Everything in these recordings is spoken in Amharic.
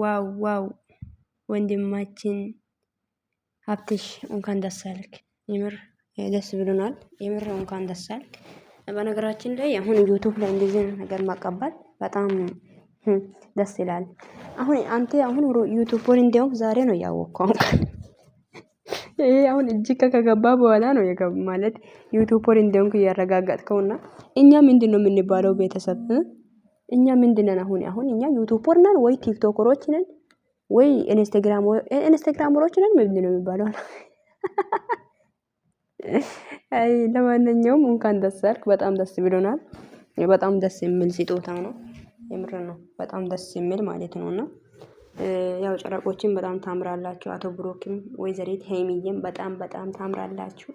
ዋው ዋው ወንድማችን ሀብትሽ እንኳን ደስ አለክ። የምር ደስ ብሎናል። የምር እንኳን ደስ አለክ። በነገራችን ላይ አሁን ዩቱብ ላይ እንደዚህ ነገር ማቀባል በጣም ደስ ይላል። አሁን አንተ አሁን ዩቱብን እንዲያውም ዛሬ ነው ያወቅከው። ይሄ አሁን እጅግ ከገባ በኋላ ነው ማለት ዩቱብን እንዲያውም እያረጋገጥከውና እኛ ምንድን ነው የምንባለው ቤተሰብ እኛ ነን? አሁን አሁን እኛ ዩቱበር ነን ወይ ቲክቶከሮች ነን ወይ ኢንስታግራም ኢንስተግራመሮች ነን? ነው የሚባለው? አይ ለማንኛውም እንኳን ደስ አልክ። በጣም ደስ ብሎናል። በጣም ደስ የሚል ስጦታ ነው። የምር ነው። በጣም ደስ የሚል ማለት ነው። እና ያው ጨረቆችን በጣም ታምራላችሁ። አቶ ብሮክም ወይዘሪት ሄሚዬም በጣም በጣም ታምራላችሁ።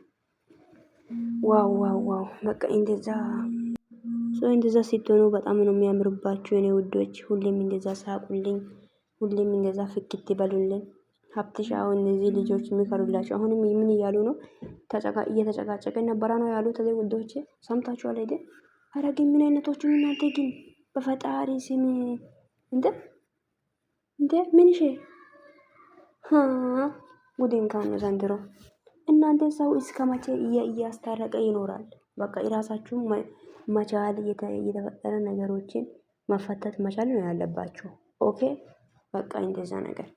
ዋው ዋው ዋው! በቃ እንደዛ ሶ እንደዛ ስትሆኑ በጣም ነው የሚያምርባችሁ እኔ ውዶች። ሁሌም እንደዛ ሳቁልኝ፣ ሁሌም እንደዛ ፍክት ይበሉልን። ሀብትሽ አሁን እነዚህ ልጆች የሚፈሩላቸው አሁንም ምን እያሉ ነው? እየተጨቃጨቀ ነበረ ነው ያሉ። ተዚ ውዶች ሰምታችኋል አይደል? አረግ ምን አይነቶቹ እናንተ ግን በፈጣሪ ስም እንደ እንደ ምን ሽ ጉድን ነው ዘንድሮ እናንተ ሰው እስከ መቼ እያስታረቀ ይኖራል? በቃ የራሳችሁ መቻል የተፈጠረ ነገሮችን መፈተት መቻል ነው ያለባችሁ። ኦኬ በቃ እንደዛ ነገር።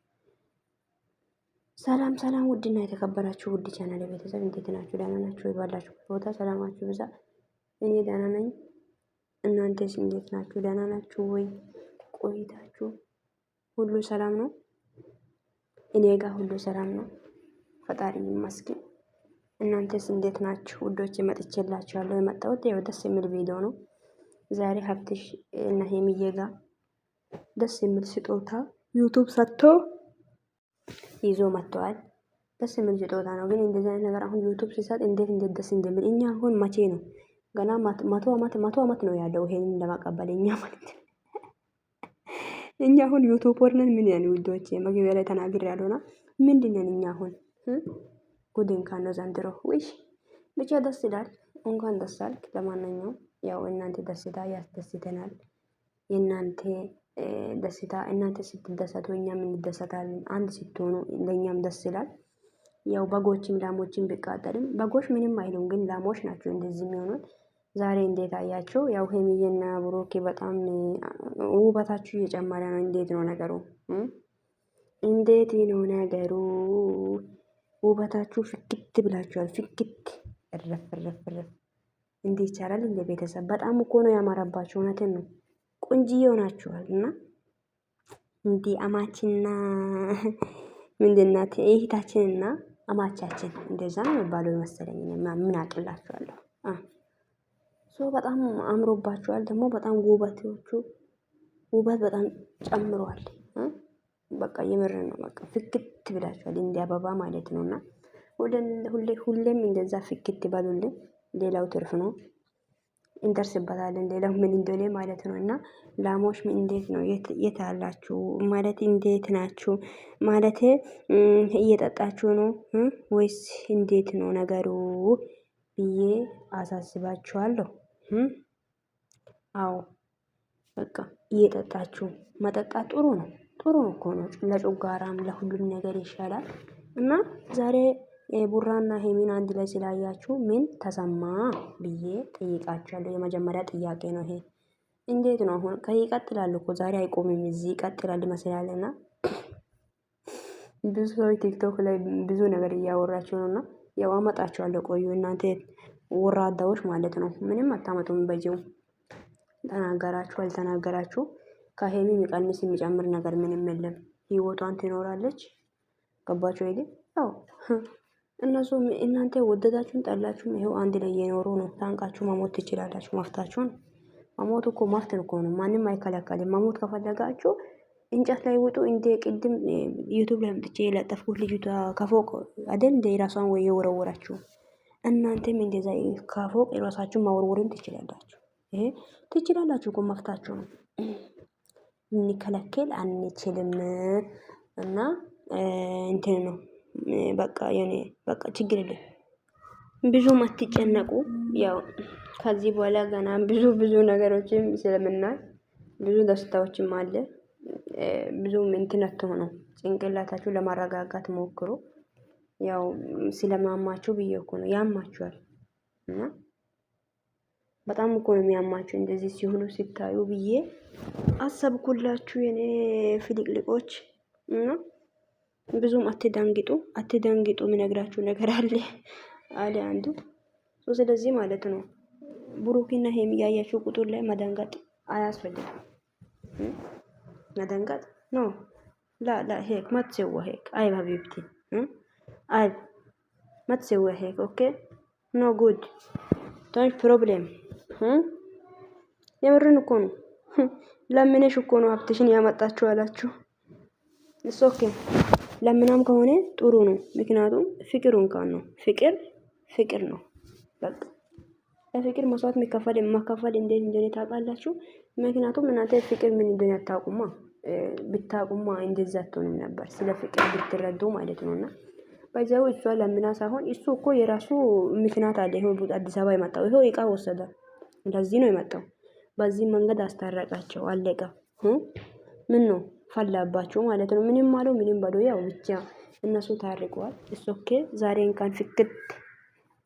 ሰላም ሰላም፣ ውድና የተከበራችሁ ውድ ቻናል ቤተሰብ እንዴት ናችሁ? ደህና ናችሁ? ይባላችሁ ቦታ ሰላማችሁ ብዛ። እኔ ደህና ነኝ። እናንተስ እንዴት ናችሁ? ደህና ናችሁ ወይ? ቆይታችሁ ሁሉ ሰላም ነው? እኔ ጋር ሁሉ ሰላም ነው። ፈጣሪ ይመስገን። እናንተስ እንዴት ናችሁ ውዶች? መጥቼላችኋለሁ። የመጣሁት ያው ደስ የሚል ቪዲዮ ነው ዛሬ ሀብትሽ እና ሄሚዬ ጋር ደስ የሚል ስጦታ ዩቱብ ሰጥቶ ይዞ መጥተዋል። ደስ የሚል ስጦታ ነው። ግን እንደዚህ አይነት ነገር አሁን ዩቱብ ሲሰጥ እንዴት እንዴት ደስ እንደሚል እኛ አሁን መቼ ነው ገና መቶ ዓመት መቶ ዓመት ነው ያለው ይሄንን ለማቀበል እኛ ማለት እኛ አሁን ዩቱብ ወርነን ምን ያህል ውዶች መግቢያ ላይ ተናግሬያለሁና ምንድን ነን እኛ አሁን ጉድ እንኳን ነው ዘንድሮ። ውሽ ብቻ ደስ ይላል። እንኳን ደስ አልክ። ለማንኛውም ያው እናንተ ደስታ ያስደስተናል። የእናንተ ደስታ እናንተ ስትደሰቱ እኛም እንደሰታለን። አንድ ስትሆኑ ለእኛም ደስ ይላል። ያው በጎችም ላሞችም ቢቃጠልም በጎች ምንም አይሉም፣ ግን ላሞች ናቸው እንደዚህ የሚሆኑት። ዛሬ እንዴት አያቸው? ያው ሄሚዬና ብሩኬ በጣም ውበታችሁ እየጨመረ ነው። እንዴት ነው ነገሩ? እንዴት ነው ነገሩ? ውበታችሁ ፍክት ብላችኋል። ፍክት እረፍ እረፍ እረፍ። እንዴ ይቻላል እንደ ቤተሰብ በጣም እኮ ነው ያማረባችሁ። እውነትን ነው ቆንጅዬ ሆናችኋል። እና እንዲህ አማችና ምንድናት እህታችንና አማቻችን እንደዛ ነው የሚባለው መሰለኝ። ምን አቅላችኋለሁ። ሶ በጣም አምሮባችኋል። ደግሞ በጣም ውበቶቹ ውበት በጣም ጨምሯል። በቃ የምር ነው። በቃ ፍክት ብላችኋል እንደ አበባ ማለት እና ሁሌም እንደዛ ፍክት ይባሉልን። ሌላው ትርፍ ነው፣ እንደርስበታለን። ሌላው ምን እንደሆነ ማለት ነው እና ላሞች እንዴት ነው የት አላችሁ ማለት እንዴት ናችሁ ማለት እየጠጣችሁ ነው ወይስ እንዴት ነው ነገሩ ብዬ አሳስባችኋለሁ። አዎ በቃ እየጠጣችሁ መጠጣት ጥሩ ነው። ጥሩ እኮ ነው። ለጮጋራም ለሁሉም ነገር ይሻላል። እና ዛሬ ቡራና ሄሚን አንድ ላይ ስላያችሁ ምን ተሰማ ብዬ ጠይቃችኋለሁ። የመጀመሪያ ጥያቄ ነው ይሄ። እንዴት ነው አሁን? ይቀጥላል እኮ ዛሬ አይቆምም፣ እዚህ ይቀጥላል ይመስላል። እና ብዙ ሰዎች ቲክቶክ ላይ ብዙ ነገር እያወራችሁ ነው። እና ያው አመጣችኋለሁ። ቆዩ እናንተ ወራዳዎች ማለት ነው። ምንም አታመጡም። በዚው ተናገራችሁ አልተናገራችሁ ከሄሚ የሚቀንስ የሚጨምር ነገር ምንም የለም። ህይወቷን ትኖራለች። ገባቸው ይል ያው እነሱ እናንተ ወደዳችሁን ጠላችሁም ይሄው አንድ ላይ የኖሩ ነው። ታንቃችሁ መሞት ትችላላችሁ። መፍታችሁ ነው። መሞት እኮ መፍት እኮ ነው። ማንም አይከለከልም። መሞት ከፈለጋችሁ እንጨት ላይ ውጡ። እንደ ቅድም ዩቱብ ላይ ምጥቼ የለጠፍኩት ልጅ ከፎቅ አደን እንደ ራሷን ወይ የወረወራችሁ እናንተም እንደዛ ከፎቅ ራሳችሁን ማወርወርም ትችላላችሁ። ይሄ ትችላላችሁ እኮ መፍታችሁ ነው። ልንከለከል አንችልም እና እንትን ነው በቃ የኔ በቃ ችግር የለም። ብዙም አትጨነቁ። ያው ከዚህ በኋላ ገና ብዙ ብዙ ነገሮችም ስለምናይ ብዙ ደስታዎችም አለ። ብዙም እንትን አትሆኑ፣ ጭንቅላታችሁ ለማረጋጋት ሞክሩ። ያው ስለማማችሁ ብዬ እኮ ነው ያማችኋል እና በጣም እኮ ነው የሚያማቸው እንደዚህ ሲሆኑ ሲታዩ ብዬ አሰብኩላችሁ የኔ ፍልቅልቆች። እና ብዙም አትደንግጡ አትደንግጡ፣ የሚነግራችሁ ነገር አለ አለ አንዱ ስለዚህ ማለት ነው ብሩክና ሄም ያያችሁ ቁጥር ላይ መደንገጥ አያስፈልግም። መደንገጥ ኖ ላ ላ ሄክ ማትሰዋ ሄክ አይ ባቢብቲ አይ ማትሰዋ ሄክ ኦኬ ኖ ጉድ ዶንት ፕሮብሌም የምርን እኮ ነው። ለምነሽ እኮ ነው ሀብትሽን ያመጣችሁ አላችሁ። እሱ ኦኬ ለምናም ከሆነ ጥሩ ነው። ምክንያቱም ፍቅር እንኳን ነው ፍቅር ፍቅር ነው በቃ ለፍቅር መስዋዕት መከፈል መከፈል እንዴት እንደሆነ ታውቃላችሁ። ምክንያቱም እናንተ ፍቅር ምን እንደሆነ አታውቁማ። ብታውቁማ እንደዛ አትሆንም ነበር፣ ስለ ፍቅር ብትረዱ ማለት ነውና በዛው እሷ ለምና ሳይሆን እሱ እኮ የራሱ ምክንያት አለ። ይሄው አዲስ አበባ የመጣው ይሄው እቃ ወሰደ። እንደዚህ ነው የመጣው። በዚህ መንገድ አስታረቃቸው። አለቀ። ምን ነው ፈላባቸው ማለት ነው። ምንም አለው ምንም ባዶ ያው ብቻ እነሱ ታርቀዋል። እሶኬ ዛሬ እንኳን ፍክት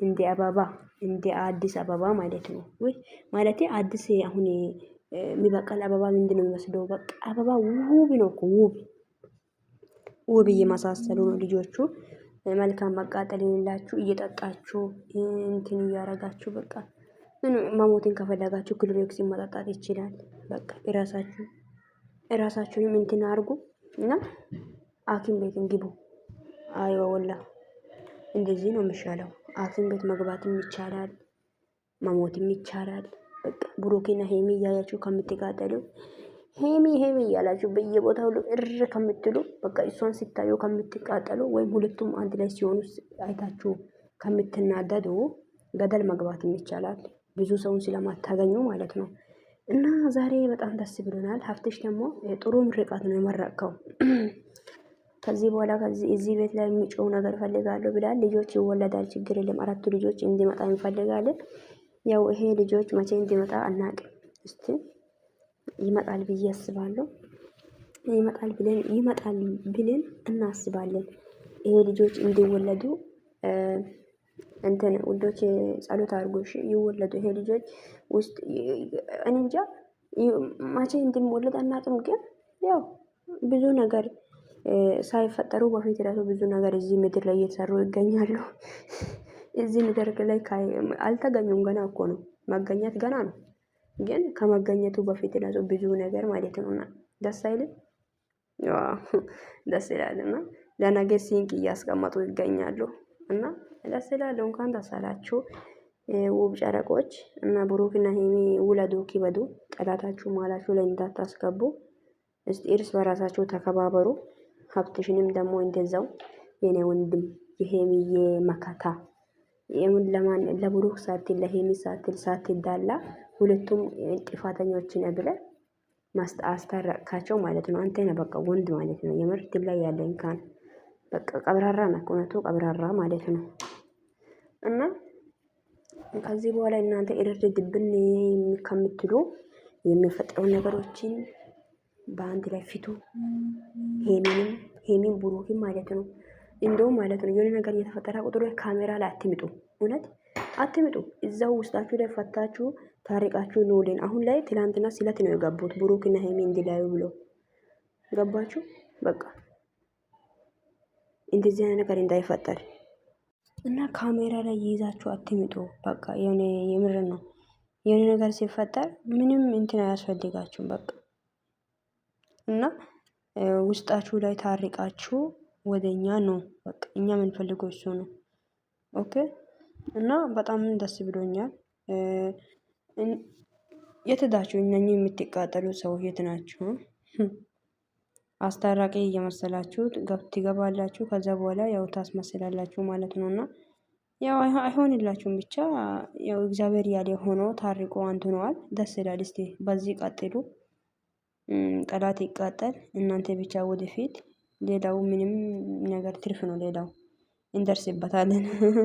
እንደ አበባ እንደ አዲስ አበባ ማለት ነው ወይ ማለት አዲስ አሁን የሚበቀል አበባ ምንድን ነው የሚመስለው? በቃ አበባ ውብ ነው እኮ ውብ ውብ እየመሳሰሉ ነው ልጆቹ። መልካም መቃጠል የሌላችሁ እየጠጣችሁ እንትን እያረጋችሁ በቃ ምን መሞትን ከፈለጋችሁ ክሎሮክሲን መጠጣት ይችላል። በቃ እራሳችሁ የራሳችሁንም እንትን አድርጉ እና ሐኪም ቤት እንግቡ። አይዋ ወላ እንደዚህ ነው የሚሻለው። ሐኪም ቤት መግባትም ይቻላል፣ መሞትም ይቻላል። በቃ ብሩኬና ሄሚ እያያችሁ ከምትቃጠሉ ሄሚ ሄሚ እያላችሁ በየቦታ ሁሉ እር ከምትሉ በቃ እሷን ሲታዩ ከምትቃጠሉ ወይም ሁለቱም አንድ ላይ ሲሆኑ አይታችሁ ከምትናደዱ ገደል መግባትም ይቻላል። ብዙ ሰውን ስለማታገኙ ማለት ነው። እና ዛሬ በጣም ደስ ብሎናል። ሀፍትሽ ደግሞ ጥሩ ምርቃት ነው የመረቅከው። ከዚህ በኋላ እዚህ ቤት ላይ የሚጮው ነገር ፈልጋለሁ ብላል። ልጆች ይወለዳል፣ ችግር የለም። አራቱ ልጆች እንዲመጣ እንፈልጋለን። ያው ይሄ ልጆች መቼ እንዲመጣ አናቅ። እስቲ ይመጣል ብዬ አስባለሁ። ይመጣል ብለን ይመጣል ብለን እናስባለን። ይሄ ልጆች እንዲወለዱ እንትን ውዶች ጸሎት አድርጎ ይወለዱ። ይሄ ልጆች ውስጥ እኔ እንጃ ማቼ እንደሚወለድ አናቅም፣ ግን ያው ብዙ ነገር ሳይፈጠሩ በፊት ራሱ ብዙ ነገር እዚህ ምድር ላይ እየተሰሩ ይገኛሉ። እዚህ ምድር ላይ አልተገኙም። ገና እኮ ነው መገኘት ገና ነው። ግን ከመገኘቱ በፊት ራሱ ብዙ ነገር ማለት ነው። እና ደስ አይልም? ደስ ይላል። እና ለነገ ሲንቅ እያስቀመጡ ይገኛሉ እና ደስ ይላል። እንኳን ደስ አላችሁ ውብ ጨረቆች እና ብሩክና ሄሚ ውለዱ ኪበዱ። ጠላታችሁ ማላችሁ ላይ እንዳታስገቡ። እስቲ እርስ በራሳችሁ ተከባበሩ። ሀብትሽንም ደግሞ እንደዛው የኔ ወንድም የሄሚዬ መከታ የምን ለማን ለብሩክ ሳትል ለሄሚ ሳትል ሳትዳላ ሁለቱም ጥፋተኞችን ብለ አስታረቅካቸው ማለት ነው። አንተ ነህ በቃ ወንድ ማለት ነው። የምርት ላይ ያለን ካን በቃ ቀብራራ ነው። እውነቱ ቀብራራ ማለት ነው። እና ከዚህ በኋላ እናንተ ድብን ከምትሉ የሚፈጥረው ነገሮችን በአንድ ላይ ፊቱ ሄሚንም ሄሚን ብሩክን ማለት ነው እንደውም ማለት ነው የሆነ ነገር እየተፈጠረ ቁጥሩ ካሜራ ላይ አትምጡ፣ እውነት አትምጡ። እዛው ውስጣችሁ ላይ ፈታችሁ ታሪቃችሁ ኖልን። አሁን ላይ ትላንትና ስለት ነው የገቡት ብሩክና ሄሚ እንዲላዩ ብሎ ገባችሁ። በቃ እንደዚህ አይነት ነገር እንዳይፈጠር እና ካሜራ ላይ ይይዛችሁ አትምጡ። በቃ የሆነ የምር ነው የሆነ ነገር ሲፈጠር ምንም እንትን አያስፈልጋችሁም። በቃ እና ውስጣችሁ ላይ ታርቃችሁ ወደ እኛ ነው በቃ እኛ የምንፈልገው እሱ ነው። ኦኬ እና በጣም ደስ ብሎኛል። የት ሄዳችሁ እነኚህ የምትቃጠሉ ሰው የት ናችሁ? አስታራቂ እየመሰላችሁ ትገባላችሁ። ከዛ በኋላ ያው ታስመስላላችሁ ማለት ነው እና ያው አይሆንላችሁም። ብቻ ያው እግዚአብሔር ያለ ሆኖ ታርቆ አንትነዋል። ደስ ይላል። እስቲ በዚህ ቀጥሉ። ጠላት ይቃጠል፣ እናንተ ብቻ ወደፊት። ሌላው ምንም ነገር ትርፍ ነው። ሌላው እንደርስበታለን።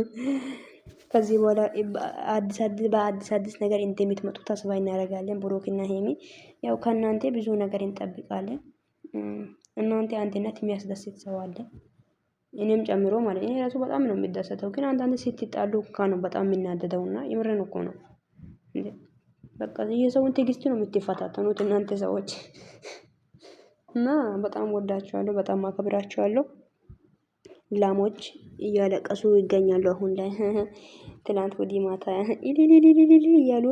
ከዚህ በኋላ አዲስ አዲስ በአዲስ አዲስ ነገር እንደምትመጡ ተስፋ እናደርጋለን። ብሩክና ሄሚ ያው ከእናንተ ብዙ ነገር እንጠብቃለን። እናንተ አንድነት የሚያስደስት ሰው አለ እኔም ጨምሮ ማለት እኔ ራሱ በጣም ነው የሚደሰተው። ግን አንዳንድ ስትጣሉ እኮ ነው በጣም የምናደደው እና የምርን እኮ ነው በቃ የሰውን ትዕግስት ነው የምትፈታተኑት እናንተ ሰዎች እና በጣም ወዳቸዋለሁ፣ በጣም አከብራቸዋለሁ። ላሞች እያለቀሱ ይገኛሉ አሁን ላይ ትላንት ወዲህ ማታ ኢሊሊሊሊሊ እያሉ